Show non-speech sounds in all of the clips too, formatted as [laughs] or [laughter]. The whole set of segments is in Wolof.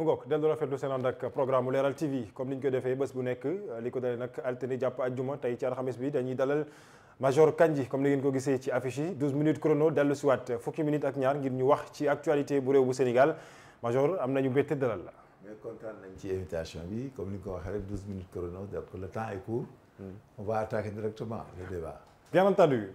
mu ngoog dellu rafetlu seen ànd ak programme mu Leral TV comme ni ñu defee bu nekk li ko dalee nag altine jàpp ajjuma tey ci alxames bi dañuy dalal Major Kandji comme ni ngeen ko gisee ci affiche yi 12 minutes chrono dellu si fukki minutes ak ñaar ngir ñu wax ci actualité bu réew bu Sénégal Major am nañu bette dalal la. mais kontaan nañ ci invitation bi comme ni nga waxee rek 12 minutes chrono donc le temps est court. Hmm. bien entendu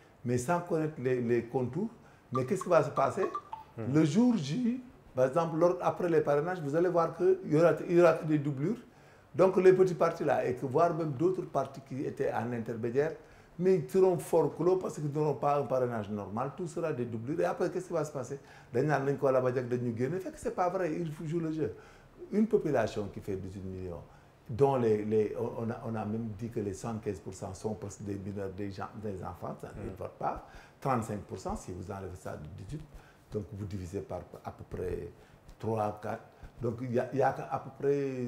mais sans connaître les, les contours. Mais qu'est-ce qui va se passer hmm. Le jour J, par exemple, lors, après les parrainages, vous allez voir qu'il y aura, il y aura des doublures. Donc les petits partis là, et que voire même d'autres partis qui étaient en intermédiaire, mais ils seront fort clos parce qu'ils n'auront pas un parrainage normal. Tout sera des doublures. Et après, qu'est-ce qui va se passer D'ailleurs, on va dire que c'est pas vrai. Il faut jouer le jeu. Une population qui fait dont les, les, on, a, on a même dit que les 75% sont parce que des mineurs, des, gens, des enfants, ça, ils ne mm. votent pas. 35%, si vous enlevez ça de 18, donc vous divisez par à peu près 3, 4. Donc il y a, y a, à peu près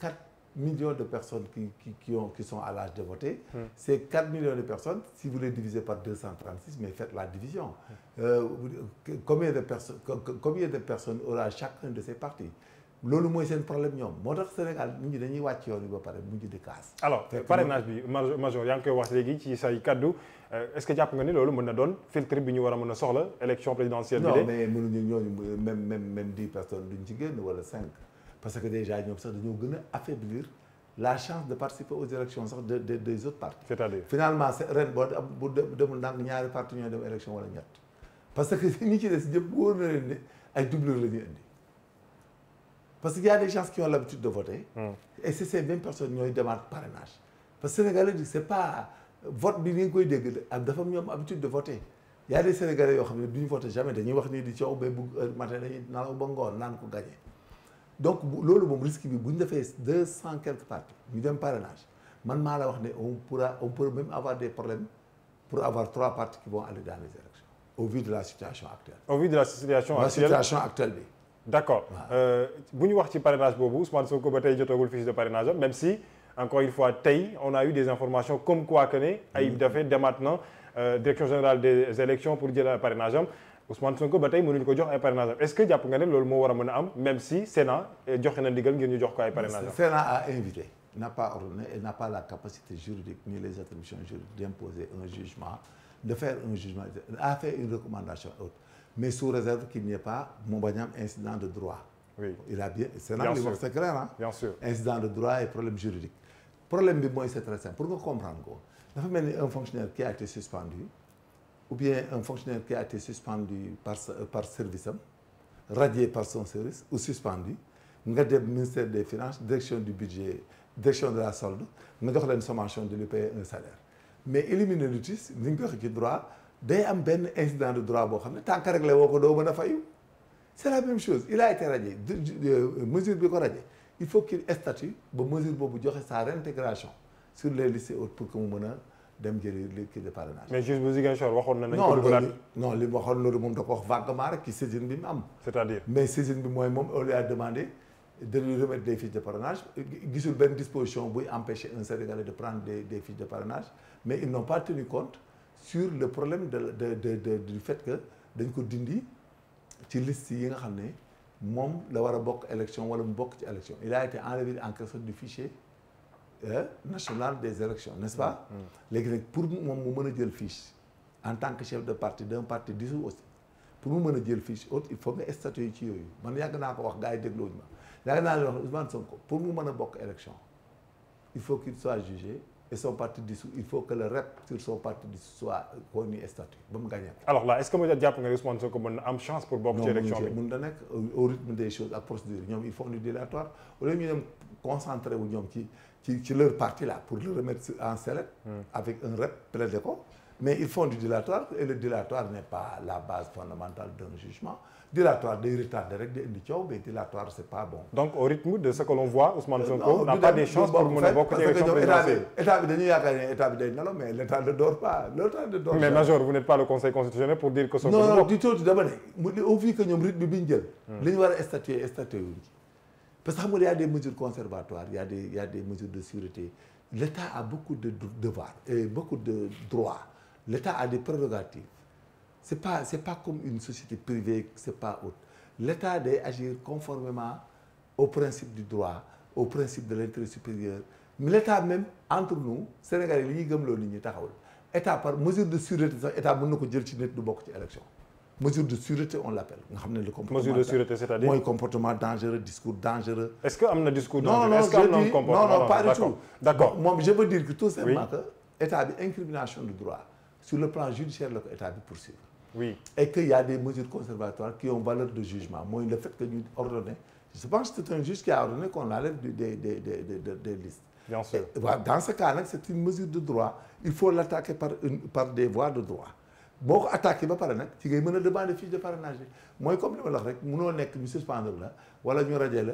4 millions de personnes qui, qui, qui, ont, qui sont à l'âge de voter. Mm. Ces 4 millions de personnes, si vous les divisez par 236, mais faites la division. Mm. Euh, combien, de combien de personnes aura chacun de ces partis loolu mooy seen problème ñoom moo tax Sénégal mujj dañuy wàcc yoon yi ba pare mujj di kaas. alors parrainage bi major yaa ngi koy wax léegi ci say kaddu euh, est-ce que jàpp nga ni loolu mën na doon filtre bi ñu war a mën a soxla élection présidentielle. bi de non mais mënuñu ñooñu même même même dix personnes duñ ci génn wala cinq. parce que déjà ñoom sax dañoo gën a affaiblir la chance de participer aux élections sax de de des autres partis. c'est-à-dire finalement ren boo bu demul ndànk ñaari parti ñooy dem élection wala ñett parce que [laughs] ñi ci des ñëpp wóor na leen ne ay doublure la ñuy indi. parce que y a des gens qui ont l'habitude de voter. Hmm. et c'est ces mêmes personnes ñooy demande parrainage. parce que Sénégalais yi c'est pas vote bi ni nga koy dégg dafa ñoom habitude de voter. y a des Sénégalais yoo xam ne duñu voter jamais dañuy wax nii di coow ba bu matin naan ko gagné. donc loolu moom risque bi bu ñu defee deux cent quelques partis ñu dem parrainage man maa la wax ne on pourra on peut même avoir des problèmes pour avoir trois partis qui vont aller dans les de la situation actuelle. au vu bi. d' accord euh, bu ñu wax ci parrainage boobu Ousmane Sonko ba tey jotagul fiche de parrainage am même si encore une fois tey on a eu des informations comme quoi que ne Ayib mm-hmm. Daffé dès maintenant euh, direction générale des élections pour jël parrainage am Ousmane Sonko ba tey mënuñu ko jox ay parrainage am est ce que jàpp nga ne loolu moo war a am même si Sénat eh, joxe na ndigal ngir ñu jox ko ay parrainage am. Sénat a invité. n'a pas ordonné et n'a pas la capacité juridique ni mais sou réserve qu'il n'y ait pas mu bañ a am incident de droit. oui il a bien c'est là li wax c'est clair ah. bien sûr incident de droit et problème juridique. problème bi mooy c'est très simple pour nga comprendre ko dafa mel ni un fonctionnaire qui a été suspendu ou bien un fonctionnaire qui a été suspendu par par service am radié par son service ou suspendu nga dem ministère des finances direction du budget direction de la solde nga jox leen sommation de lui payer salaire mais éliminer l'UTIS ni day am benn incident de droit boo xam ne tant que réglé woo ko doo mën a fayu c'est la même chose il a été radié euh, mesure bi ko radié il faut qu'il statue ba mesure boobu joxe sa réintégration sur les listes hautes pour que mu mën a dem jëli liste de parrainage. mais juge bu Ziguinchor waxoon na. nañ ko dugalaat non li mu moom da ko wax vaguement rek ci saisine bi mu am. c'est-à-dire mais saisine bi mooy moom on lui a demandé de lui remettre de parrainage de prendre des sur le problème de de de du fait que dañ ko dindi ci liste yi nga xam ne moom la war a bokk élection wala mu bokk ci élection il a été enlevé en quelque sorte du fichier euh, national des élections n'est-ce pas. Mm, mm. léegi nag pour moom mu mën a jël fiche en tant que chef de parti d'un parti dissous aussi pour mu mën a jël fiche autre il faut nga statuer ci yooyu man yàgg naa ko wax gars yi dégluwuñu ma yàgg naa leen wax Ousmane ko pour mu mën a bokk élection il faut qu'il soit jugé. et son parti dissous il faut que le rep sur son parti dissous soit connu et statué ba mu gagné alors là est ce que ma jàpp nga Ousmane Sonko mën na am chance pour bokk ci élection bi mun na au rythme des choses ak procédure ñoom ils du dilatoire au lieu ñu dem concentré ci ci ci leur parti là pour le remettre en sellette. Hmm. avec un rep plaidé ko mais ils font du dilatoire et le dilatoire n'est pas la base fondamentale d'un jugement. dilatoire day retardé rek di indi coow mais dilatoire c' est pas bon. donc au de ce que l'on voit euh, n'a pas des chances pour mën a bokk ci élection présidentielle état bi mais l' état ne dort pas l' mais major vous n'êtes pas le conseil constitutionnel pour dire que. Sonko non non du ne au vu que ñoom rythme bi ñu jël. Hmm. li ñu war a statuer statuer wu ñu que xam nga y' a des mesures conservatoires y' a des de sûreté l' a beaucoup de devoirs et euh, a des prérogatives. c'est pas c'est pas comme une société privée c'est pas autre l'État day agir conformément au principe du droit au principe de l'intérêt supérieur mais l'État même entre nous Sénégalais li ñuy gëmloo nit ñi taxawul État par mesure de sûreté sax État mën na ko jël ci nit du bokk ci élection mesure de sûreté on l'appelle nga xam ne le comportement mesure de sûreté cest dangereux discours dangereux est-ce que am na discours dangereux non non, est tout d'accord moom je veux dire que tout simplement oui. que État bi incrimination du droit oui et que y a des mesures conservatoires qui ont valeur de jugement mooy le fait que ñu ordonné je pense que c'est un juge qui a ordonné qu'on enlève des des des des listes. bien sûr dans ce cas nag c'est une mesure de droit il faut l'attaquer par une par des voies de droit boo ko attaqué ba pare nag ci ngay mën a demander fiche de parrainage bi mooy comme li ma la wax rek munoo nekk ñu suspendre la wala ñu radier la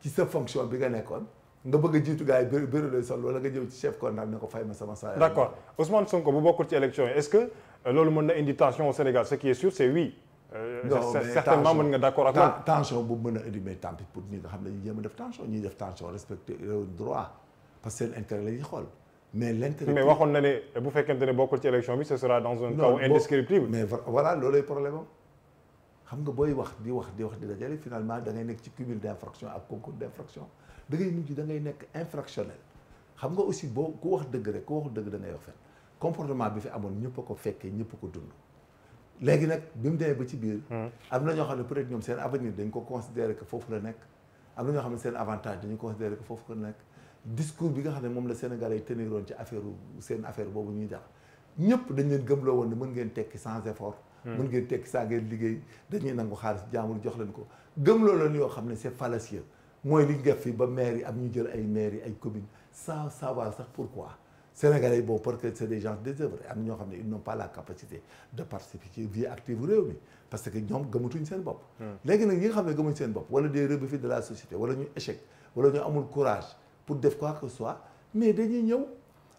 ci sa fonction bi nga nekkoon. nga bëgg a jiitu gars yi bëri bëri lay sol wala nga jëw ci chef kontaan ne ko fay ma sama saa. d' accord Ousmane Sonko bu bokkul ci élection yi est ce que euh, loolu mën na indi tension au Sénégal ce qui est sûr c' est euh, tension mais tant pis pour ñi nga xam ne ñu mais l' waxoon na ne bu fekkente ne bokkul ci élection bi ce sera dans un chaos indescriptible. mais voilà loolooy problème am xam nga booy wax di wax di wax di dajale finalement da nekk ci cumul d' infraction ak concours da ngay mujj da ngay nekk infractionnel xam nga aussi boo ku wax dëgg rek ku wax dëgg da ngay wax fen comportement bi fi amoon ñëpp a ko fekkee ñëpp ko dund léegi nag bi mu demee ba ci biir hmm. am na ñoo xam ne peut-être ñoom seen avenir dañ ko considérer que foofu la nekk am na ñoo xam ne seen avantage dañu considérer que foofu la nekk discours bi nga xam ne moom la sénégal yi teniroon ci affaire seen affaire boobu ñuy def ñëpp dañ leen gëmloo woon ne mën ngeen tekki sans effort hmm. mën ngeen tekki saa ngeen liggéey dañuy nangu xaalis jaamul jox leen ko gëmloo leen yoo xam ne c'est fallacieux mooy li ñu def fii ba maire yi am ñu jël ay maires ay communes sans savoir sax pourquoi sénégalais bon parce que c'est des gens désœuvrés ñoo xam ne ils n'ont pas la capacité de mi parce que ñoom gëmatuñ seen bopp hmm. léegi nag ñi nga xam ne gëmuñ seen bopp wala des fi de la société wala ñu échec wala ñu amul courage pour def quoi que ce mais dañuy ñëw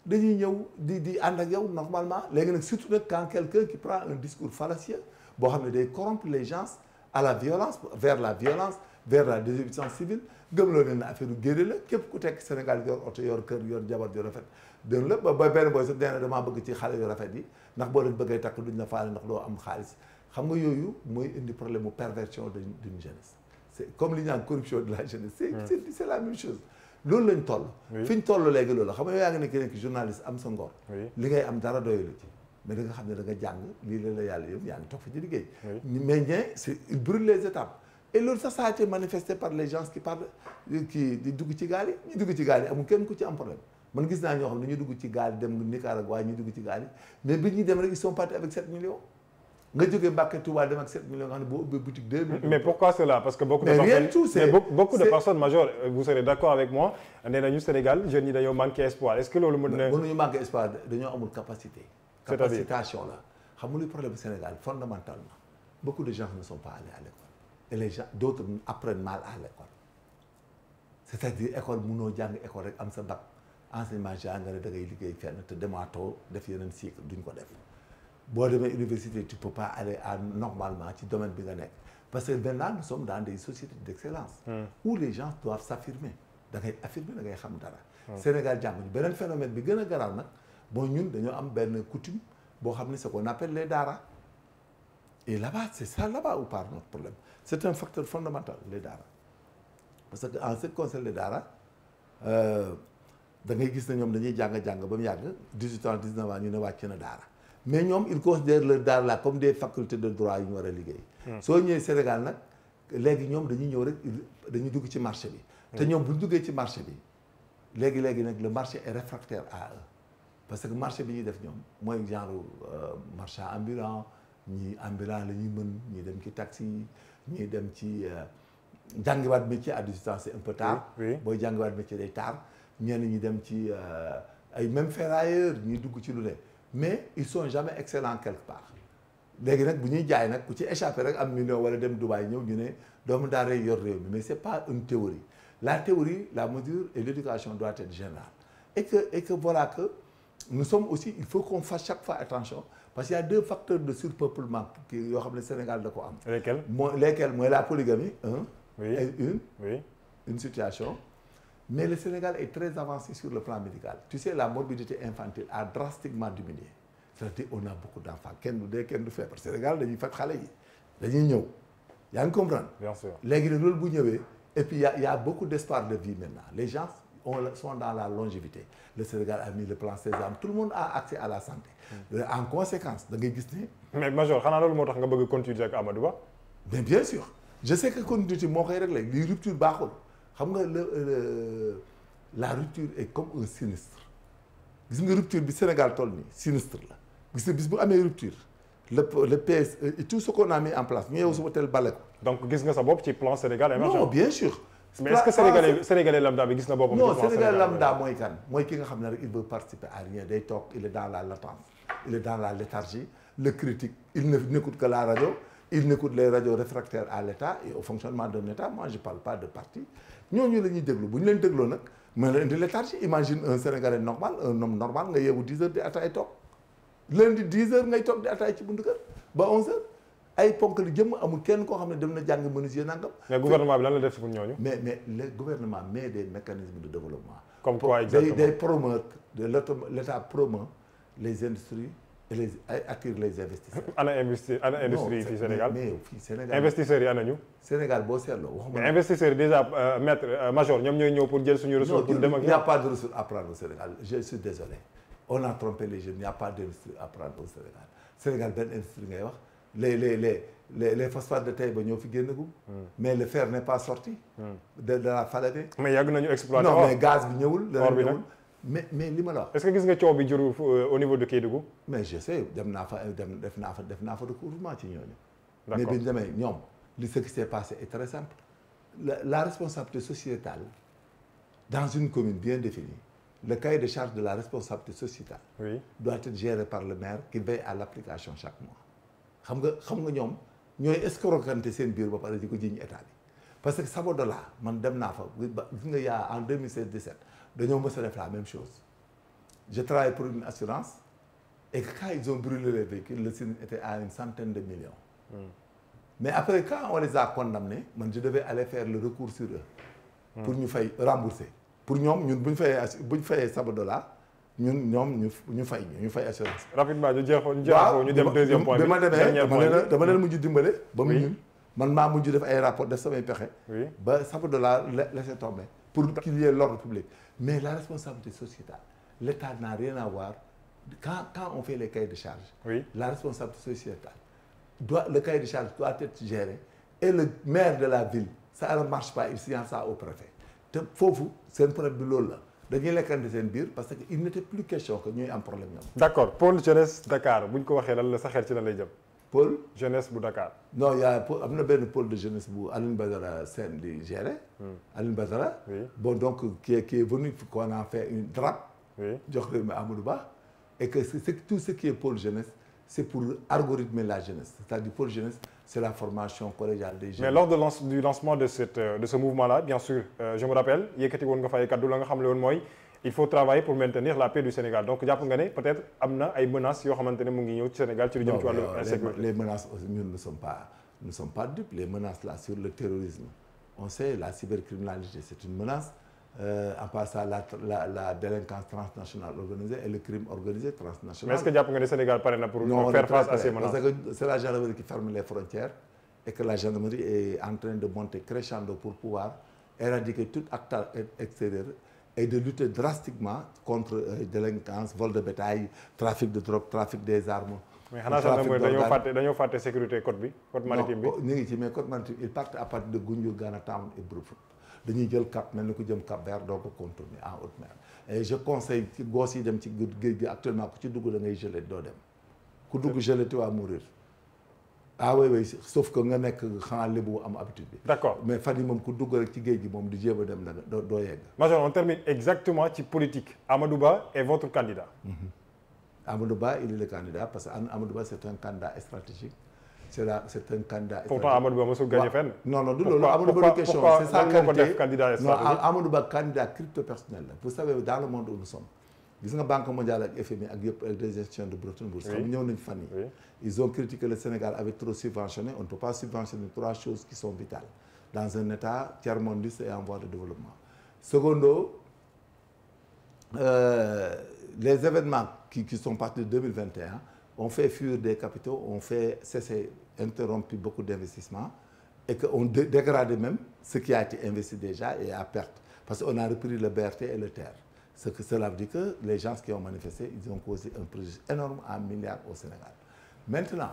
dañuy ñëw di di ànd ak yow normalement léegi nag surtout nag quand quelqu'un qui prend un discours fallacieux boo xam ne day corrompre les gens à la violence vers la violence vers la désobéissance civile gëmloo leen na affaire guéré la képp ku tekk Sénégal yor oto yor kër yor jabar yu rafet dén la ba benn booy sax nee na damaa bëgg boo leen bëggee takk duñ la faale ndax doo am xaalis xam nga yooyu mooy indi problème mu perversion d'une jeunesse c'est comme li ñu naan corruption de la jeunesse c'est hmm. c'est la même chose loolu lañ toll fi ñu toll léegi loolu xam nga yow yaa ngi nekk nekk journaliste am sa ngor li ngay am dara doyul ci mais da xam ne da nga jàng lii la la yàlla yëpp yaa ngi toog fa ci et loolu sax ça a été manifesté par les gens qui parlent kii di dugg ci gaal ñu dugg ci gaal yi kenn ku ci am problème man gis naa ñoo xam ne ñu dugg ci gaal dem Nicaragua ñu dugg ci gaal mais bi ñuy dem rek ils sont partis avec 7 millions nga jógee Mbàkke Touba dem ak 7 millions nga xam ne boo ubbee boutique 2 millions. mais pourquoi cela parce que beaucoup de. mais rien tout c' d' accord avec moi nee nañu Sénégal jeunes yi dañoo manqué espoir na. mënuñu manqué espoir dañoo amul capacité. c' est à dire capacitation la xam nga luy problème Sénégal fondamentalement et les gens d'autres apprennent mal à l'école c'est-à-dire école munoo am sa bac enseignement général da ngay liggéey fenn te demaatoo def yeneen cycle duñ ko def boo demee université tu peux pas a à normalement ci domaine bi nga nekk parce que maintenant nous sommes dans des sociétés d'excellence hmm. où les gens doivent s'affirmer da ngay affirmer da ngay xam dara hmm. Sénégal jànguñu beneen phénomène bi gën a garaaw nag bon ñun dañoo am benn coutume boo xam ne c'est qu'on appelle les daara Et là-bas, c'est ça là-bas où part notre problème. C'est un facteur fondamental, daara. Parce que en ce qui concerne les daara da ngay gis ne ñoom dañuy jàng-jàng ba mu yàgg 18 ans 19 ans ñu ne wàcc na daara mais ñoom ils considèrent leur daara là comme des facultés de droit yu ñu war a liggéey. Hmm. soo ñëwee Sénégal nag léegi ñoom dañuy ñëw rek dañuy dugg ci marché bi. te ñoom bu ñu duggee ci marché bi léegi léegi nag le marché est réfractaire à eux parce que marché bi ñuy def ñoom mooy genre marchand ambulant. ñii ambulant la ñuy mën ñii dem ci taxi ñii dem ci euh, jàngiwaat métier à distance c'est un peu tard. booy jàngiwaat métier day tard. ñenn ñi dem ci euh, ay même ferrailleurs ñuy dugg ci lu ne mais il sont jamais excellents quelque part. léegi nag bu ñuy jaay nag ku ci échappé rek am million wala dem Dubaï ñëw ñu ne doomu daar yor réew mi mais c'est pas une théorie la théorie la mesure et l'éducation doit être générale et que et que voilà que nous sommes aussi il faut qu'on chaque fois attention. parce que y' a deux facteurs de surpeuplement qui yoo xam ne Sénégal da ko am. lesquels mooy lesquels mooy la polygamie un. oui et une. oui une situation. mais le Sénégal est très avancé sur le plan médical tu sais la morbidité infantile a drastiquement diminué c'est-à-dire on a beaucoup d'enfants kenn du dee kenn du feebar Sénégal dañuy faj xale yi dañuy ñëw yaa ngi comprendre. bien sûr léegi nag loolu bu ñëwee et puis y a y a de vie maintenant les gens on, sont dans la longévité le Sénégal a mis le plan Sésame tout le monde a accès à la santé mm. euh, en conséquence da ngay gis ne mais major xanaa loolu moo tax nga bëgg continuité ak Amadou Ba mais bien sûr je sais que continuité moo koy réglé li rupture baaxul xam nga la euh, la rupture est comme un sinistre gis nga rupture bi Sénégal toll nii sinistre la gis nga bis bu amee rupture le le PS e et tout ce qu'on a mis en place ñu yeewu suba teel bale ko donc gis nga sa bopp ci plan Sénégal émergent bien sûr mais est-ce que sénégalais sénégalais lambda bi gis na boppam. non sénégalais lambda mooy kan mooy ki nga xam ne rek il veut participer à rien day toog il est dans la latence il est dans la léthargie le critique il ne n'écoute que la radio il n'écoute les radios réfractaires à l'État et fonctionnement d'un État moi pas de parti ñooñu la ñuy déglu bu ñu leen dégloo nag mën na indi léthargie imagine un sénégalais normal un normal nga yeewu di ataay toog lundi 10 di ataay ci buntu ay ponk li jëm amul kenn koo xam ne dem na jàng menuisier nangam. mais gouvernement bi lan la def pour ñooñu. mais mais le gouvernement met des mécanismes de développement. comme quoi exactement day day promouvoir de l' état promeut les industries et les attire les fii Sénégal non mais fii Sénégal ñu. Sénégal boo seetloo waxuma. mais investisseurs yi déjà euh, maître euh, major ñoom ñooy ñëw pour jël suñu ressource. pour dem ak pas de ressource à prendre au Sénégal je suis désolé on a trompé les jeunes il a pas d' industrie wax. les les les les les phosphates de Taïba ñoo fi génnagum. Hmm. mais le fer n'est pas sorti. Hmm. de de la Falémé. mais yàgg nañu exploité non mais gaz bi ñëwul. leneen ñëwul mais mais li ma la wax. est-ce que gis nga coow bi euh, niveau de Kédougou. mais je sais dem na fa dem def naa fa def naa fa recouvrement ci ñooñu. mais bi ñu demee ñoom li ce qui s'est passé est très simple la la responsabilité sociétale dans une commune bien définie. le cahier de charge de la responsabilité sociétale oui. doit être géré par le maire qui veille à l'application chaque mois. xam nga xam nga ñoom ñooy escroquanté seen biir ba pare di ko jiñ état bi parce que Sabodola man dem naa fa ba gis nga yaa en 2016 17 dañoo mës a def la même chose je travaille pour une assurance et que quand ils ont brûlé les véhicules le signe était une centaine de million Mm. mais après quand on les ne condamnés man je devais aller faire le recours sur eux. Hmm. pour ñu fay rembourser. pour ñoom ñun bu ñu fayee bu ñu fayee Sabodola ñun ñoom ñu ñu fay ñu fay assurance. rapidement ñu jeexoon ñu jeexoon ñu dama demee dama leen mujj dimbale. ba mu ñun man maa mujj def ay rapport def samay pexe. ba sapa de la laisser tomber pour qu'il y ait l'ordre public. mais la responsabilité sociétale l'État n'a rien à voir quand quand on fait les cahiers de charge. la responsabilité sociétale doit le cahier de charge doit être géré et le maire de la ville ça ne marche pas il signale ça au préfet te foofu seen problème bi loolu la. dañuy lekkante seen biir parce que il n'était plus question que ñuy am problème ñoom. d'accord pôle jeunesse Dakar bu ñu ko waxee lan la sa xel ci lan lay jëm. pôle jeunesse bu Dakar. non yaa am na benn pôle de jeunesse bu Aline Badara Sène di gérer. Hmm. Aline Badara. bon donc ki est qui est venu qu'on a fait une drape. jox leen ma Amadou Ba. et que c'est tout ce qui est pôle jeunesse. c'est pour algorithmer la jeunesse. C'est-à-dire pour jeunesse, c'est la formation collégiale des jeunes. Mais lors de lance, du lancement de, cette, euh, de ce mouvement-là, bien sûr, euh, je me rappelle, il faut travailler pour maintenir la paix du Sénégal. Donc, peut-être amna ay menaces yo xamantene mu ngi ñew ci Sénégal ci lu jëm ci euh, Les menaces nous ne sommes terrorisme. On sait la cybercriminalité, c'est une menace Euh, en passant la, la, la délinquance transnationale organisée et le crime organisé transnational. Mais est-ce que jàpp nga ne Sénégal pare na pour non, faire face à ces c'est la gendarmerie qui ferme les frontières et que la gendarmerie est en train de monter crescendo pour pouvoir éradiquer tout acte extérieur et de lutter drastiquement contre euh, délinquance, vol de bétail, trafic de drogue, trafic des armes. mais xanaa sax mooy dañoo fàtte dañoo fàtte sécurité côte oh, à partir de Goundiouane Town dañuy jël cap mel ni ku jëm cap vert doog a contourner en haute mer et je conseille ci goos yi dem ci géej gi actuellement ku ci dugg da ngay gelé doo dem ku dugg gelé ti waa mourir ah oui oui sauf que nga nekk xanaa lébu am habitude bi. d' mais fan yi moom ku dugg rek ci géej gi moom di jéem a dem da doo doo yegg. Major on termine exactement ci politique Amadou Ba est votre candidat. Mm-hmm. Amadou Ba il est le candidat parce que Amadou Ba c' est un candidat stratégique. c'est là c'est un candidat. pourtant Amadou Ba mosul gagné fenn. non non du loolu Amadou Ba du question c'est sa qualité non Amadou Ba candidat crypto personnel la. vous savez dans le monde où nous sommes gis nga banque mondiale ak FMI ak de Bretton Woods. xam ñëw nañ fan yi ils ont critiqué le Sénégal avec trop subventionné on ne peut pas subventionner trois choses qui sont vitales dans un état tiers-mondiste et en de développement. secondo euh, on fait fuir des capitaux, on fait cesser, interrompre beaucoup d'investissements et qu'on dégrade même ce qui a été investi déjà et à perte. Parce qu'on a repris le BRT et le terre. Ce que cela veut dire que les gens qui ont manifesté, ils ont causé un préjudice énorme à milliards au Sénégal. Maintenant,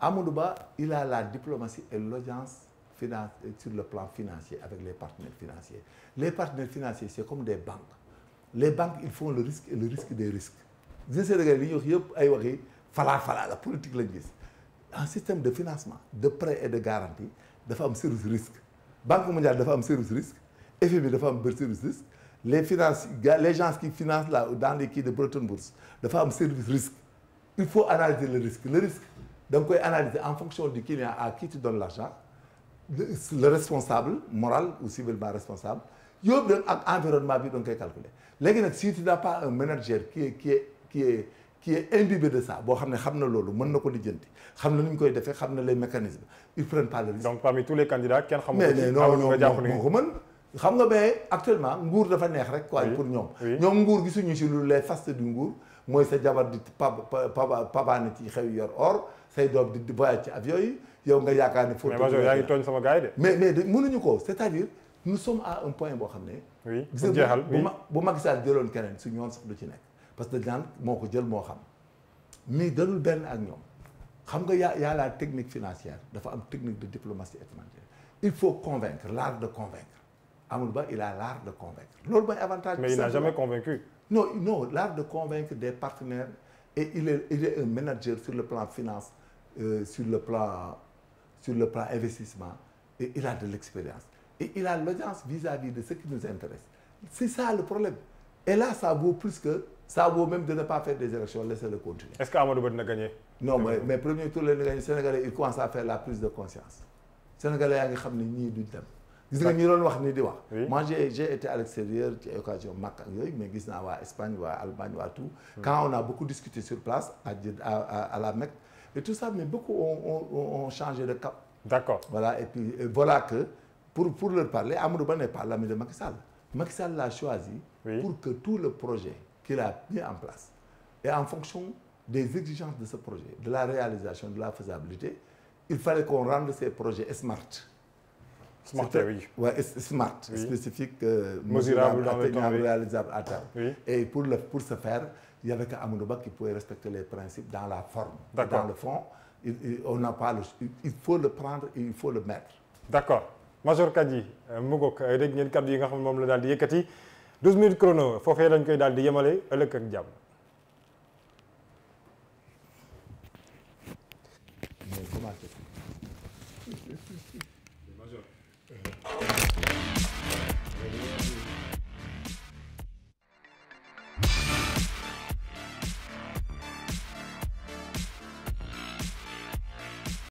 Amoudouba, il a la diplomatie et l'audience sur le plan financier avec les partenaires financiers. Les partenaires financiers, c'est comme des banque Les banques, ils le risque le risque des risques. falaa falaa la politique lañ gis un système de financement de prêt et de garantie dafa am service risque banque mondiale dafa am service risque FMI dafa am service risque les finances les gens qui financent là kii de Bretton Woods dafa am service risque il faut analyser le risque le risque da nga koy analyser en fonction du client à qui tu donnes l'argent le responsable moral ou civilement responsable yóbbu nag ak environnement bii da nga koy calculer léegi nag si tu n'as pas un manager qui est ci est imbibé de ça boo xam ne xam na loolu mën na ko lijjanti xam na ni ñu koy defee xam na les mécanismes ils prennent pas le risque. donc parmi tous les candidats kenn xamul. mais non non moo ko mën. xam nga mais actuellement nguur dafa neex rek. quoi pour ñoom. ñoom nguur gisuñu si lu les faste du nguur. mooy sa jabar di pab pabaane ci xew yor or say doom di voyage ci avion yi yow nga yaakaar ne. foofu mais yaa ngi tooñ sama gars yi de. mais mais mënuñu ko c'est-à-dire nous sommes à un point boo xam ne. oui bu jeexal bu ma bu Macky Sall jëloon keneen su ñoon sax du ci nekk. parce que dañ moo ko jël moo xam mais dalul benn ak ñoom xam nga yaa la technique financière dafa am technique de diplomatie étrangère il faut convaincre l'art de convaincre amul Ba il a l'art de convaincre loolu ba avantage. mais il n'a jamais convaincu. non non l'art de convaincre des partenaires et il est un manager sur le plan finance euh, sur le plan sur le plan investissement et il a de l'expérience et il a l'audience vis-à-vis de ce qui nous intéresse c'est ça le problème et là ça vaut plus que. ça vaut même de ne pas faire des élections laissez-le continuer. est-ce que Amadou Ba dina gagner. non mais premier tour la ñu gagné Sénégalais il commence à la prise de conscience Sénégalais yaa ngi xam ne ñii duñ dem. gis nga ñu doon ni di wax. moi j'ai j'ai été à occasion Makka ak yooyu mais gis naa waa Espagne waa Allemagne waa tout. Hmm. quand on a beaucoup discuté sur place à à à la Mecque et tout ça mais beaucoup ont ont de cap. d'accord et puis voilà que pour pour leur parler Amadou Ba n'est pas l'ami de Macky Sall Macky Sall l'a choisi. pour tout le projet. qu'il a en place. en fonction des exigences de ce projet, de la réalisation, de la faisabilité, il fallait qu'on rende ces projets smart. Smart, oui. Ouais, smart, oui. spécifique, euh, mesurable, dans le réalisable à terme. Et pour, le, pour ce faire, il n'y avait qu'Amounouba qui pouvait respecter les principes dans la forme. Dans le fond, il, il on n'a pas le, il faut le prendre et il faut le mettre. D'accord. Major Kadi, euh, Mougok, Rek euh, Ngeen Kadi, nga xam moom la daal di yëkkati 12 minutes chrono foofee lañ koy daal di yemale ëllëg ak jàmm.